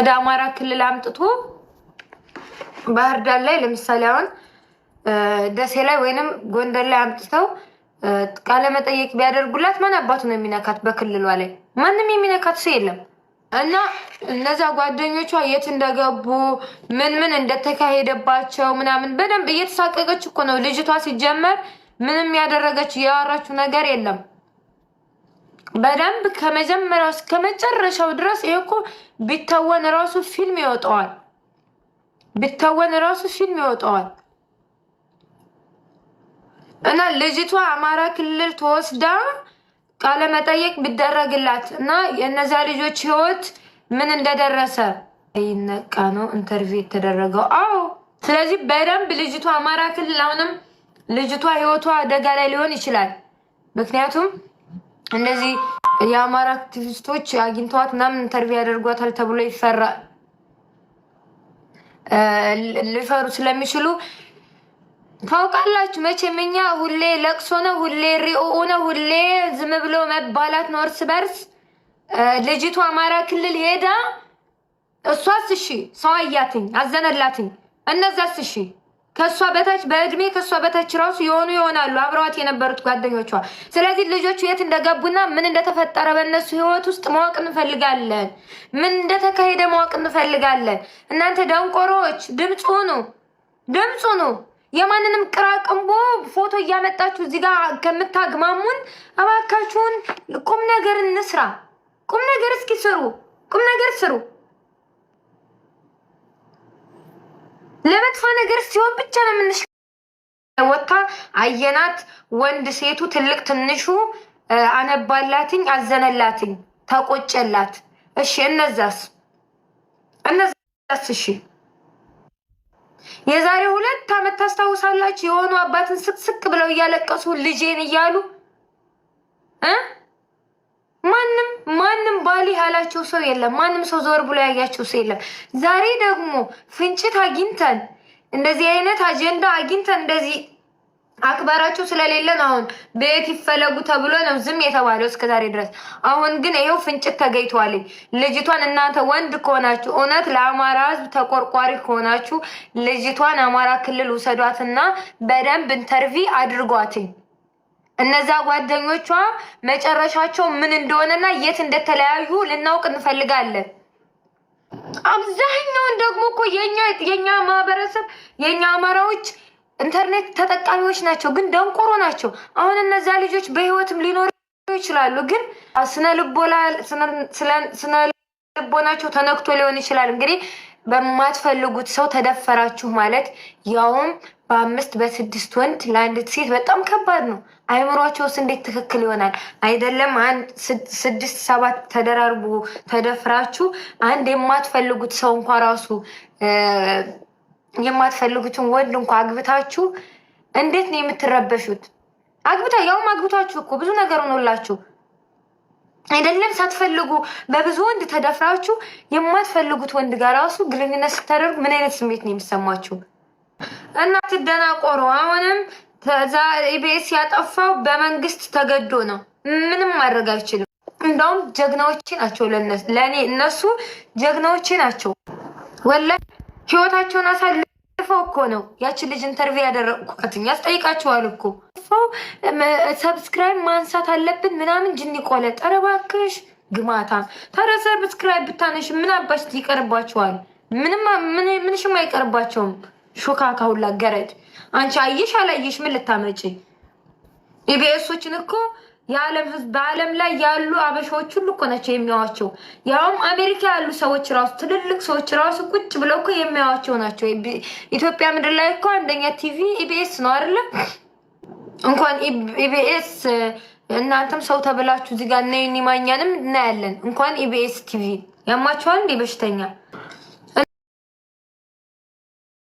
ወደ አማራ ክልል አምጥቶ ባህር ዳር ላይ ለምሳሌ አሁን ደሴ ላይ ወይንም ጎንደር ላይ አምጥተው መጠየቅ ቢያደርጉላት ማን አባቱ ነው የሚነካት? በክልሏ ላይ ማንም የሚነካት ሰው የለም። እና እነዛ ጓደኞቿ የት እንደገቡ ምን ምን እንደተካሄደባቸው ምናምን በደንብ እየተሳቀቀች እኮ ነው ልጅቷ። ሲጀመር ምንም ያደረገች ያወራችው ነገር የለም። በደንብ ከመጀመሪያው እስከ መጨረሻው ድረስ ይሄ እኮ ቢታወን ራሱ ፊልም ይወጣዋል። ቢተወን ራሱ ፊልም ይወጣዋል። እና ልጅቷ አማራ ክልል ተወስዳ ቃለ መጠየቅ ቢደረግላት እና የእነዛ ልጆች ህይወት ምን እንደደረሰ ይነቃ ነው ኢንተርቪው የተደረገው። አዎ፣ ስለዚህ በደንብ ልጅቷ አማራ ክልል አሁንም ልጅቷ ህይወቷ አደጋ ላይ ሊሆን ይችላል ምክንያቱም እንደዚህ የአማራ አክቲቪስቶች አግኝተዋት ምናምን ኢንተርቪው ያደርጓታል ተብሎ ይፈራል። ሊፈሩ ስለሚችሉ ታውቃላችሁ። መቼም እኛ ሁሌ ለቅሶ ነው፣ ሁሌ ሪኦኦ ነው፣ ሁሌ ዝም ብሎ መባላት ነው እርስ በርስ። ልጅቱ አማራ ክልል ሄዳ እሷስ እሺ ሰው አያትኝ አዘነላትኝ፣ እነዛስ እሺ ከእሷ በታች በእድሜ ከእሷ በታች ራሱ የሆኑ ይሆናሉ አብረዋት የነበሩት ጓደኞቿ። ስለዚህ ልጆቹ የት እንደገቡና ምን እንደተፈጠረ በእነሱ ህይወት ውስጥ ማወቅ እንፈልጋለን። ምን እንደተካሄደ ማወቅ እንፈልጋለን። እናንተ ደንቆሮዎች ድምፁ ኑ፣ ድምፁ ኑ። የማንንም ቅራቅንቦ ፎቶ እያመጣችሁ እዚህ ጋር ከምታግማሙን እባካችሁን ቁም ነገር እንስራ። ቁም ነገር እስኪ ስሩ። ቁም ነገር ስሩ። ለመጥፎ ነገር ሲሆን ብቻ ነው የምንሽ ወታ አየናት። ወንድ ሴቱ፣ ትልቅ ትንሹ አነባላትኝ፣ አዘነላትኝ፣ ተቆጨላት። እሺ እነዛስ እነዛስ እሺ የዛሬ ሁለት ዓመት ታስታውሳላችሁ? የሆኑ አባትን ስቅስቅ ብለው እያለቀሱ ልጄን እያሉ እ ማንም ማንም ባሌ ያላቸው ሰው የለም። ማንም ሰው ዞር ብሎ ያያቸው ሰው የለም። ዛሬ ደግሞ ፍንጭት አግኝተን እንደዚህ አይነት አጀንዳ አግኝተን እንደዚህ አክባራቸው ስለሌለን አሁን ቤት ይፈለጉ ተብሎ ነው ዝም የተባለው እስከ ዛሬ ድረስ። አሁን ግን ይኸው ፍንጭት ተገይቷል ልጅቷን እናንተ ወንድ ከሆናችሁ እውነት ለአማራ ሕዝብ ተቆርቋሪ ከሆናችሁ ልጅቷን አማራ ክልል ውሰዷትና በደንብ ኢንተርቪ አድርጓትኝ። እነዛ ጓደኞቿ መጨረሻቸው ምን እንደሆነና የት እንደተለያዩ ልናውቅ እንፈልጋለን። አብዛኛውን ደግሞ እኮ የኛ ማህበረሰብ የኛ አማራዎች ኢንተርኔት ተጠቃሚዎች ናቸው፣ ግን ደንቆሮ ናቸው። አሁን እነዛ ልጆች በህይወትም ሊኖሩ ይችላሉ፣ ግን ስነ ልቦናቸው ተነክቶ ሊሆን ይችላል። እንግዲህ በማትፈልጉት ሰው ተደፈራችሁ ማለት ያውም በአምስት በስድስት ወንድ ለአንዲት ሴት በጣም ከባድ ነው። አይምሯቸውስ እንዴት ትክክል ይሆናል? አይደለም አንድ ስድስት ሰባት ተደራርቦ ተደፍራችሁ አንድ የማትፈልጉት ሰው እንኳ ራሱ የማትፈልጉትን ወንድ እንኳ አግብታችሁ እንዴት ነው የምትረበሹት? አግብታ ያውም አግብታችሁ እኮ ብዙ ነገር ሆኖላችሁ አይደለም ሳትፈልጉ በብዙ ወንድ ተደፍራችሁ የማትፈልጉት ወንድ ጋር ራሱ ግንኙነት ስታደርጉ ምን አይነት ስሜት ነው የሚሰማችሁ? እና ትደናቆሩ አሁንም ኢቢኤስ ያጠፋው በመንግስት ተገዶ ነው። ምንም ማድረግ አይችልም። እንደውም ጀግናዎች ናቸው ለእኔ እነሱ ጀግናዎች ናቸው። ወላ ህይወታቸውን አሳልፈው እኮ ነው ያችን ልጅ ኢንተርቪው ያደረግኩትኝ። ያስጠይቃችኋል እኮ ሰብስክራይብ ማንሳት አለብን ምናምን ጅን ቆለ ጠረባክሽ ግማታ ታዲያ ሰብስክራይብ ብታነሽ ምን አባሽ ይቀርባቸዋል? ምንም ምንሽም አይቀርባቸውም። ሾካካ ሁላ ገረድ አንቺ አየሽ አላየሽ ምን ልታመጪ ኢቢኤሶችን እኮ የዓለም ህዝብ በዓለም ላይ ያሉ አበሻዎች ሁሉ እኮ ናቸው የሚያዋቸው። ያውም አሜሪካ ያሉ ሰዎች ራሱ ትልልቅ ሰዎች ራሱ ቁጭ ብለው እኮ የሚያዋቸው ናቸው። ኢትዮጵያ ምድር ላይ እኮ አንደኛ ቲቪ ኢቢኤስ ነው አይደለም? እንኳን ኢቢኤስ እናንተም ሰው ተብላችሁ እዚጋ እነ ዩኒ ማኛንም እናያለን። እንኳን ኢቢኤስ ቲቪ ያማቸዋል እንዴ በሽተኛ